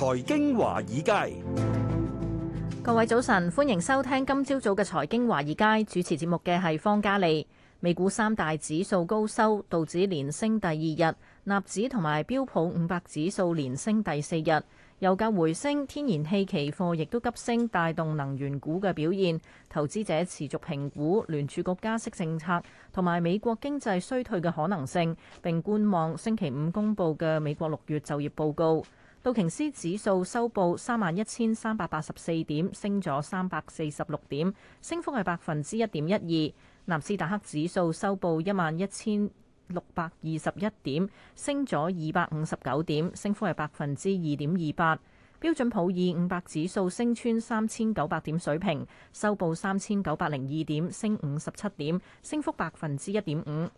財經華爾街，各位早晨，歡迎收聽今朝早嘅財經華爾街，主持節目嘅係方嘉利。美股三大指數高收，道指連升第二日，納指同埋標普五百指數連升第四日。油價回升，天然氣期貨亦都急升，帶動能源股嘅表現。投資者持續評估聯儲局加息政策同埋美國經濟衰退嘅可能性，並觀望星期五公布嘅美國六月就業報告。道瓊斯指數收報三萬一千三百八十四點，升咗三百四十六點，升幅係百分之一點一二。納斯達克指數收報一萬一千六百二十一點，升咗二百五十九點，升幅係百分之二點二八。標準普爾五百指數升穿三千九百點水平，收報三千九百零二點，升五十七點，升幅百分之一點五。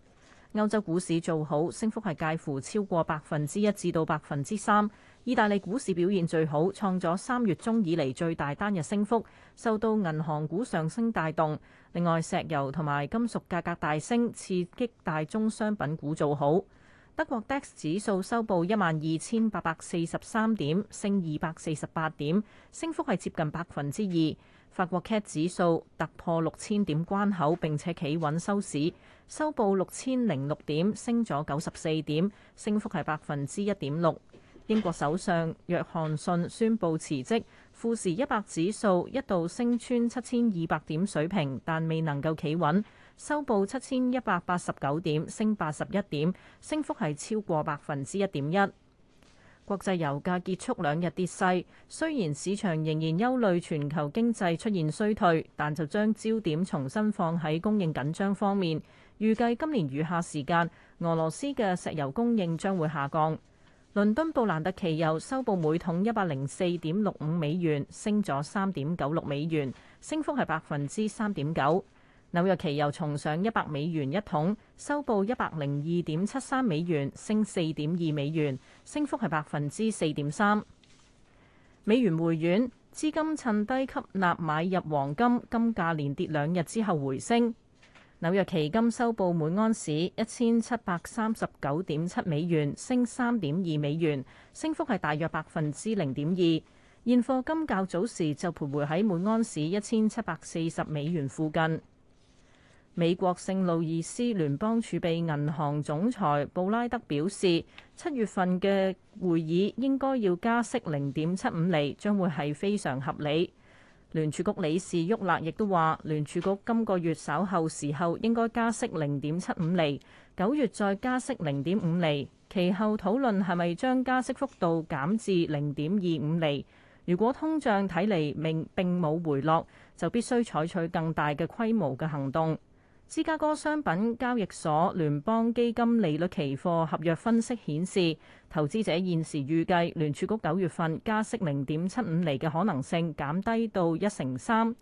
歐洲股市做好，升幅係介乎超過百分之一至到百分之三。意大利股市表現最好，創咗三月中以嚟最大單日升幅，受到銀行股上升帶動。另外，石油同埋金屬價格，格大升，刺激大宗商品股做好。德國 DAX 指數收報一萬二千八百四十三點，升二百四十八點，升幅係接近百分之二。法國 CAC 指數突破六千點關口，並且企穩收市，收報六千零六點，升咗九十四點，升幅係百分之一點六。英國首相約翰遜宣布辭職，富時一百指數一度升穿七千二百點水平，但未能夠企穩，收報七千一百八十九點，升八十一點，升幅係超過百分之一點一。國際油價結束兩日跌勢，雖然市場仍然憂慮全球經濟出現衰退，但就將焦點重新放喺供應緊張方面，預計今年餘下時間，俄羅斯嘅石油供應將會下降。倫敦布蘭特期油收報每桶一百零四點六五美元，升咗三點九六美元，升幅係百分之三點九。紐約期油重上一百美元一桶，收報一百零二點七三美元，升四點二美元，升幅係百分之四點三。美元回軟，資金趁低吸納買入黃金，金價連跌兩日之後回升。紐約期金收報每盎司一千七百三十九點七美元，升三點二美元，升幅係大約百分之零點二。現貨金較早時就徘徊喺每盎司一千七百四十美元附近。美國聖路易斯聯邦儲備銀行總裁布拉德表示，七月份嘅會議應該要加息零點七五厘，將會係非常合理。聯儲局理事沃勒亦都話，聯儲局今個月稍後時候應該加息零點七五厘，九月再加息零點五厘。其後討論係咪將加息幅度減至零點二五厘。如果通脹睇嚟並並冇回落，就必須採取更大嘅規模嘅行動。芝加哥商品交易所聯邦基金利率期貨合約分析顯示，投資者現時預計聯儲局九月份加息零點七五厘嘅可能性減低到一成三，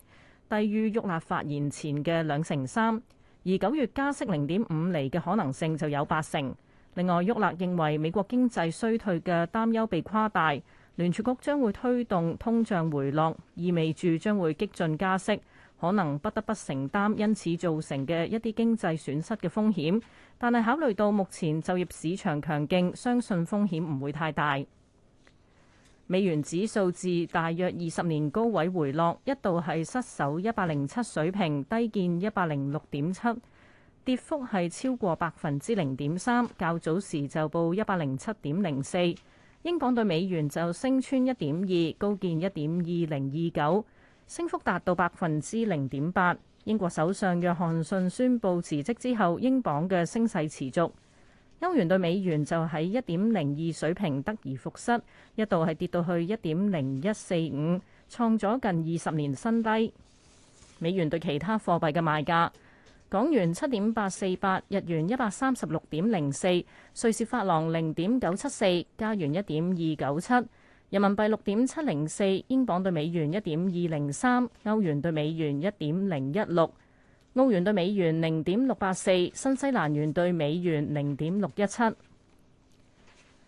低於沃勒發言前嘅兩成三，而九月加息零點五厘嘅可能性就有八成。另外，沃勒認為美國經濟衰退嘅擔憂被誇大，聯儲局將會推動通脹回落，意味住將會激進加息。可能不得不承擔因此造成嘅一啲經濟損失嘅風險，但係考慮到目前就業市場強勁，相信風險唔會太大。美元指數至大約二十年高位回落，一度係失守一百零七水平，低見一百零六點七，跌幅係超過百分之零點三。較早時就報一百零七點零四，英鎊對美元就升穿一點二，高見一點二零二九。升幅達到百分之零點八。英國首相約翰遜宣布辭職之後，英鎊嘅升勢持續。歐元對美元就喺一點零二水平得而復失，一度係跌到去一點零一四五，創咗近二十年新低。美元對其他貨幣嘅賣價：港元七點八四八，日元一百三十六點零四，瑞士法郎零點九七四，加元一點二九七。人民幣六點七零四，英鎊對美元一點二零三，歐元對美元一點零一六，澳元對美元零點六八四，新西蘭元對美元零點六一七。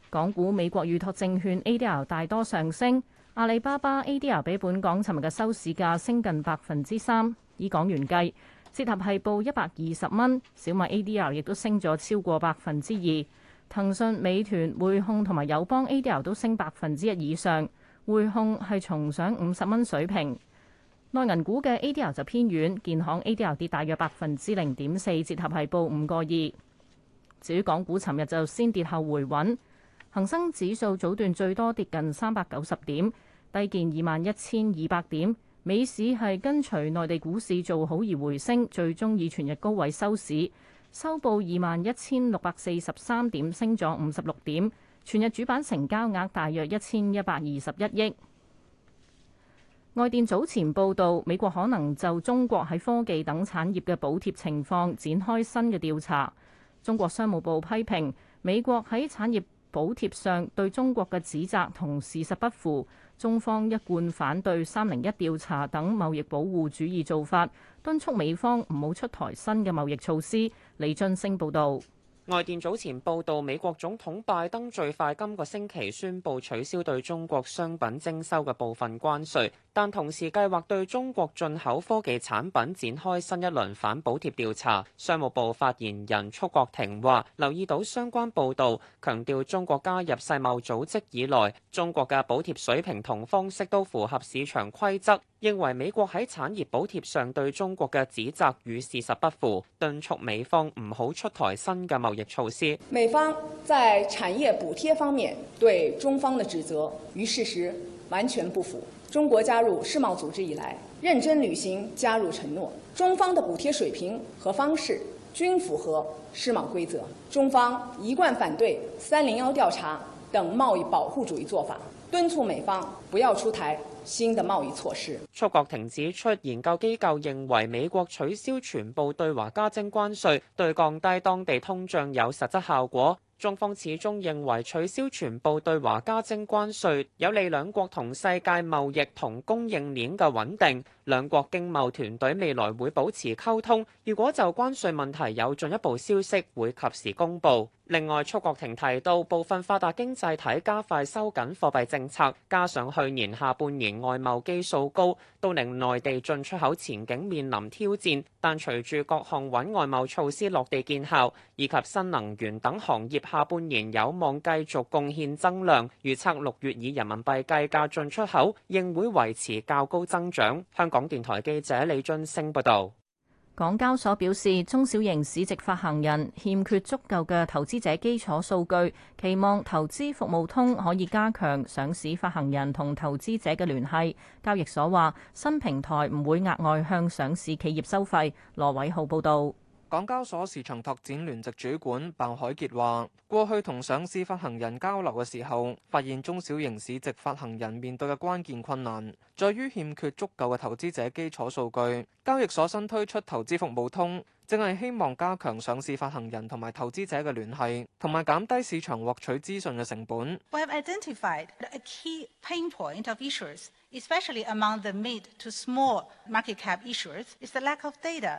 港股美國預託證券 ADR 大多上升，阿里巴巴 ADR 比本港尋日嘅收市價升近百分之三，以港元計，折合係報一百二十蚊。小米 ADR 亦都升咗超過百分之二。騰訊、美團、匯控同埋友邦 ADR 都升百分之一以上，匯控係重上五十蚊水平。內銀股嘅 ADR 就偏遠，建行 ADR 跌大約百分之零點四，折合係報五個二。至於港股，尋日就先跌後回穩，恆生指數早段最多跌近三百九十點，低見二萬一千二百點。美市係跟隨內地股市做好而回升，最終以全日高位收市。收報二萬一千六百四十三點，升咗五十六點。全日主板成交額大約一千一百二十一億。外電早前報道，美國可能就中國喺科技等產業嘅補貼情況展開新嘅調查。中國商務部批評美國喺產業補貼上對中國嘅指責同事實不符，中方一貫反對三零一調查等貿易保護主義做法，敦促美方唔好出台新嘅貿易措施。李津升報道，外電早前報道，美國總統拜登最快今個星期宣布取消對中國商品徵收嘅部分關稅，但同時計劃對中國進口科技產品展開新一輪反補貼調查。商務部發言人束國庭話：留意到相關報道，強調中國加入世貿組織以來，中國嘅補貼水平同方式都符合市場規則。認為美國喺產業補貼上對中國嘅指責與事實不符，敦促美方唔好出台新嘅貿易措施。美方在產業補貼方面對中方嘅指責與事實完全不符。中國加入世貿組織以來，認真履行加入承諾，中方的補貼水平和方式均符合世貿規則。中方一貫反對三零一調查等貿易保護主義做法，敦促美方不要出台新的貿易措施。束珏婷指出，研究機構認為美國取消全部對華加徵關稅，對降低當地通脹有實質效果。中方始終認為取消全部對華加徵關稅有利兩國同世界貿易同供應鏈嘅穩定。兩國經貿團隊未來會保持溝通，如果就關稅問題有進一步消息，會及時公佈。另外，束珏婷提到，部分發達經濟體加快收緊貨幣政策，加上去年下半年外貿基數高，都令內地進出口前景面臨挑戰。但隨住各項穩外貿措施落地見效，以及新能源等行業下半年有望繼續貢獻增量，預測六月以人民幣計價進出口仍會維持較高增長。香港電台記者李津星報道。港交所表示，中小型市值發行人欠缺足夠嘅投資者基礎數據，期望投資服務通可以加強上市發行人同投資者嘅聯繫。交易所話，新平台唔會額外向上市企業收費，羅偉浩報道。港交所市場拓展聯席主管鮑海杰話，過去同上市發行人交流嘅時候，發現中小型市值發行人面對嘅關鍵困難，在於欠缺足夠嘅投資者基礎數據。交易所新推出投資服務通，正係希望加強上市發行人同埋投資者嘅聯繫，同埋減低市場獲取資訊嘅成本。We have identified a key pain point of issuers, especially among the mid-to-small market cap issuers, is the lack of data.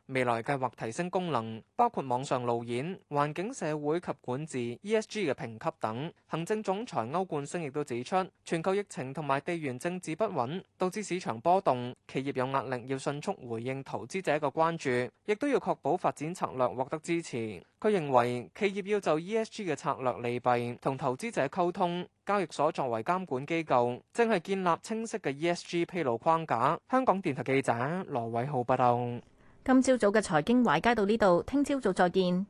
未來計劃提升功能，包括網上路演、環境、社會及管治 （ESG） 嘅評級等。行政總裁歐冠星亦都指出，全球疫情同埋地緣政治不穩導致市場波動，企業有壓力要迅速回應投資者嘅關注，亦都要確保發展策略獲得支持。佢認為企業要就 ESG 嘅策略利弊同投資者溝通，交易所作為監管機構正係建立清晰嘅 ESG 披露框架。香港電台記者羅偉浩報道。今朝早嘅財經華爾街到呢度，聽朝早再見。